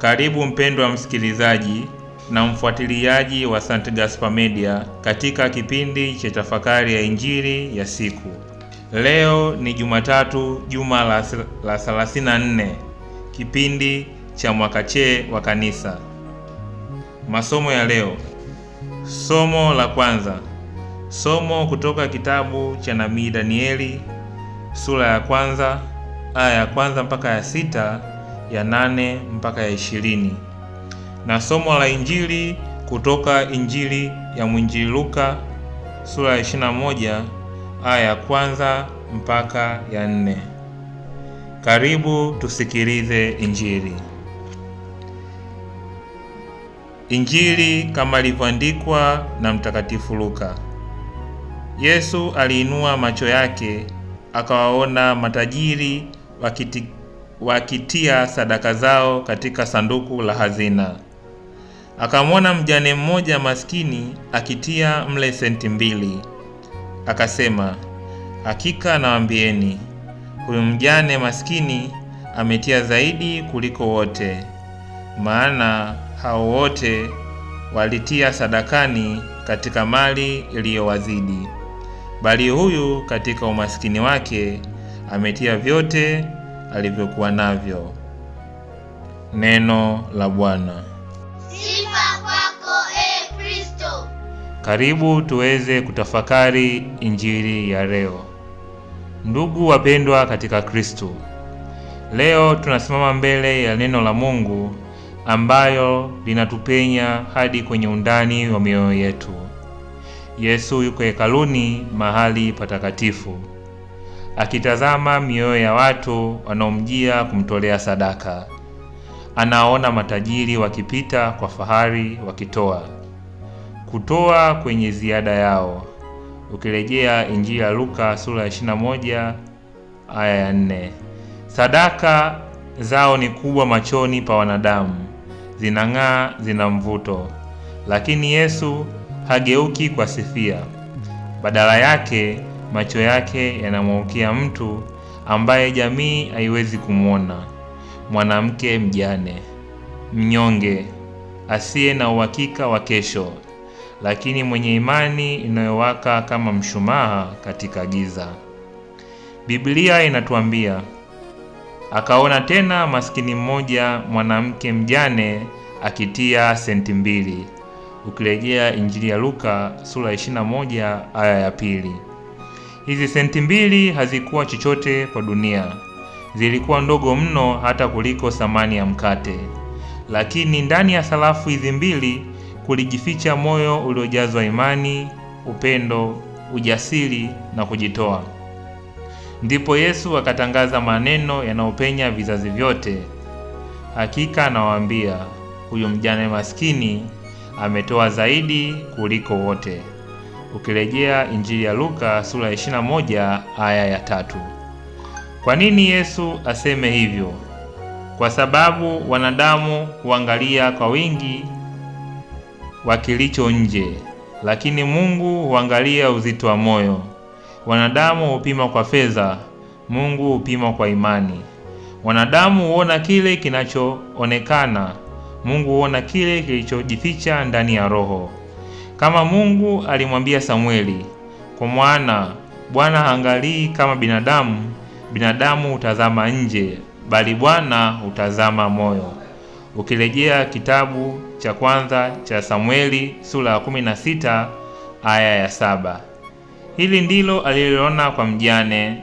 Karibu mpendwa msikilizaji na mfuatiliaji wa St. Gaspar Media katika kipindi cha tafakari ya Injili ya siku. Leo ni Jumatatu, juma la 34, kipindi cha mwaka C wa Kanisa. Masomo ya leo. Somo la kwanza. Somo kutoka kitabu cha nabii Danieli sura ya kwanza aya ya kwanza mpaka ya sita ya nane mpaka ya ishirini na somo la Injili kutoka Injili ya mwinjili Luka sura ya 21 aya ya kwanza mpaka ya nne. Karibu tusikilize Injili. Injili kama ilivyoandikwa na Mtakatifu Luka. Yesu aliinua macho yake akawaona matajiri wakiti wakitia sadaka zao katika sanduku la hazina. Akamwona mjane mmoja maskini akitia mle senti mbili. Akasema, hakika nawaambieni, huyu mjane maskini ametia zaidi kuliko wote, maana hao wote walitia sadakani katika mali iliyowazidi, bali huyu katika umaskini wake ametia vyote alivyokuwa navyo. Neno la Bwana. Sifa kwako e Kristo. Karibu tuweze kutafakari injili ya leo. Ndugu wapendwa katika Kristo, leo tunasimama mbele ya neno la Mungu ambayo linatupenya hadi kwenye undani wa mioyo yetu. Yesu yuko hekaluni, mahali patakatifu akitazama mioyo ya watu wanaomjia kumtolea sadaka. Anaona matajiri wakipita kwa fahari wakitoa, kutoa kwenye ziada yao. Ukirejea Injili ya Luka sura ya 21 aya ya 4. Sadaka zao ni kubwa machoni pa wanadamu, zinang'aa, zina mvuto, lakini Yesu hageuki kwa sifia. Badala yake macho yake yanamwaukia mtu ambaye jamii haiwezi kumwona, mwanamke mjane, mnyonge, asiye na uhakika wa kesho, lakini mwenye imani inayowaka kama mshumaa katika giza. Biblia inatuambia akaona tena maskini mmoja mwanamke mjane akitia senti mbili, ukirejea Injili ya Luka sura 21 aya ya pili. Hizi senti mbili hazikuwa chochote kwa dunia, zilikuwa ndogo mno hata kuliko thamani ya mkate. Lakini ndani ya sarafu hizi mbili kulijificha moyo uliojazwa imani, upendo, ujasiri na kujitoa. Ndipo Yesu akatangaza maneno yanayopenya vizazi vyote, hakika nawaambia, huyu mjane maskini ametoa zaidi kuliko wote ukirejea Injili ya Luka sura ya 21 aya ya tatu. Kwa nini Yesu aseme hivyo? Kwa sababu wanadamu huangalia kwa wingi wa kilicho nje, lakini Mungu huangalia uzito wa moyo. Wanadamu hupima kwa fedha, Mungu hupima kwa imani. Wanadamu huona kile kinachoonekana, Mungu huona kile kilichojificha ndani ya roho kama Mungu alimwambia Samweli, kwa mwana Bwana haangalii kama binadamu, binadamu hutazama nje, bali Bwana hutazama moyo. Ukirejea kitabu cha kwanza cha Samweli sura ya sita aya ya saba. Hili ndilo aliloona kwa mjane.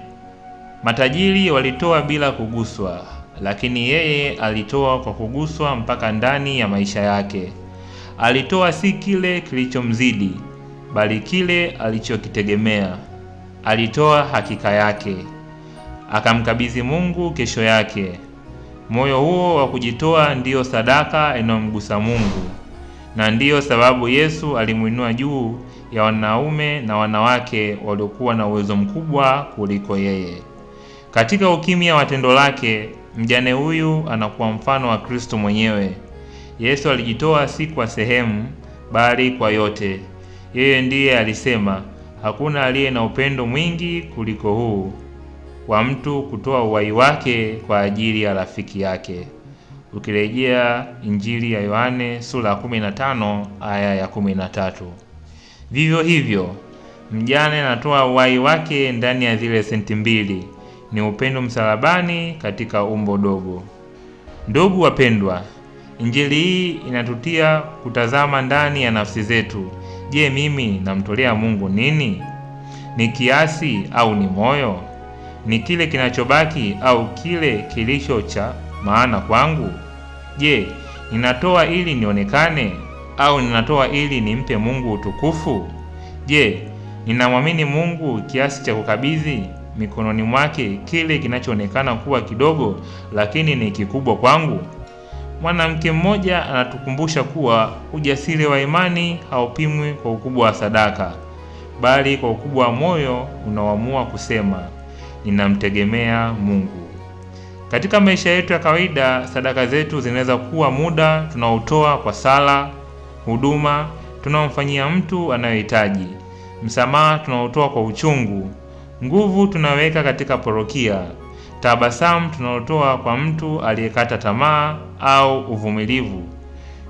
Matajiri walitoa bila kuguswa, lakini yeye alitoa kwa kuguswa mpaka ndani ya maisha yake. Alitoa si kile kilichomzidi, bali kile alichokitegemea. Alitoa hakika yake, akamkabidhi Mungu kesho yake. Moyo huo wa kujitoa ndiyo sadaka inayomgusa Mungu, na ndiyo sababu Yesu alimwinua juu ya wanaume na wanawake waliokuwa na uwezo mkubwa kuliko yeye. Katika ukimya wa tendo lake, mjane huyu anakuwa mfano wa Kristo mwenyewe. Yesu alijitoa si kwa sehemu, bali kwa yote. Yeye ndiye alisema, hakuna aliye na upendo mwingi kuliko huu wa mtu kutoa uhai wake kwa ajili ya rafiki yake. Ukirejea Injili ya Yohane sura ya 15 aya ya 13. Vivyo hivyo mjane anatoa uhai wake ndani ya zile senti mbili, ni upendo msalabani katika umbo dogo. Ndugu wapendwa, Injili hii inatutia kutazama ndani ya nafsi zetu. Je, mimi namtolea Mungu nini? Ni kiasi au ni moyo? Ni kile kinachobaki au kile kilicho cha maana kwangu? Je, ninatoa ili nionekane au ninatoa ili nimpe Mungu utukufu? Je, ninamwamini Mungu kiasi cha kukabidhi mikononi mwake kile kinachoonekana kuwa kidogo lakini ni kikubwa kwangu? Mwanamke mmoja anatukumbusha kuwa ujasiri wa imani haupimwi kwa ukubwa wa sadaka, bali kwa ukubwa wa moyo unaoamua kusema ninamtegemea Mungu. Katika maisha yetu ya kawaida, sadaka zetu zinaweza kuwa muda tunaotoa kwa sala, huduma tunaomfanyia mtu anayohitaji msamaha tunaotoa kwa uchungu, nguvu tunaweka katika porokia tabasamu tunalotoa kwa mtu aliyekata tamaa au uvumilivu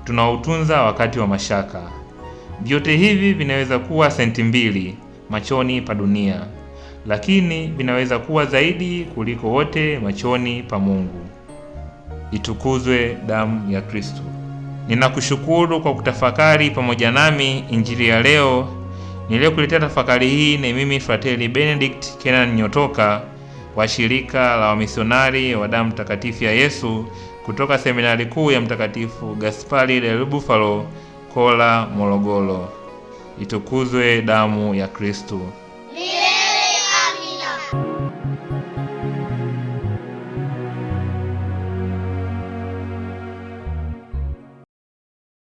tunaoutunza wakati wa mashaka. Vyote hivi vinaweza kuwa senti mbili machoni pa dunia, lakini vinaweza kuwa zaidi kuliko wote machoni pa Mungu. Itukuzwe damu ya Kristo! Ninakushukuru kwa kutafakari pamoja nami injili ya leo. Niliyokuletea tafakari hii ni mimi Frateli Benedict Kenan Nyotoka wa shirika la wamisionari wa damu takatifu ya Yesu kutoka seminari kuu ya Mtakatifu Gaspari del Bufalo, Kola, Morogoro. Itukuzwe damu ya Kristu!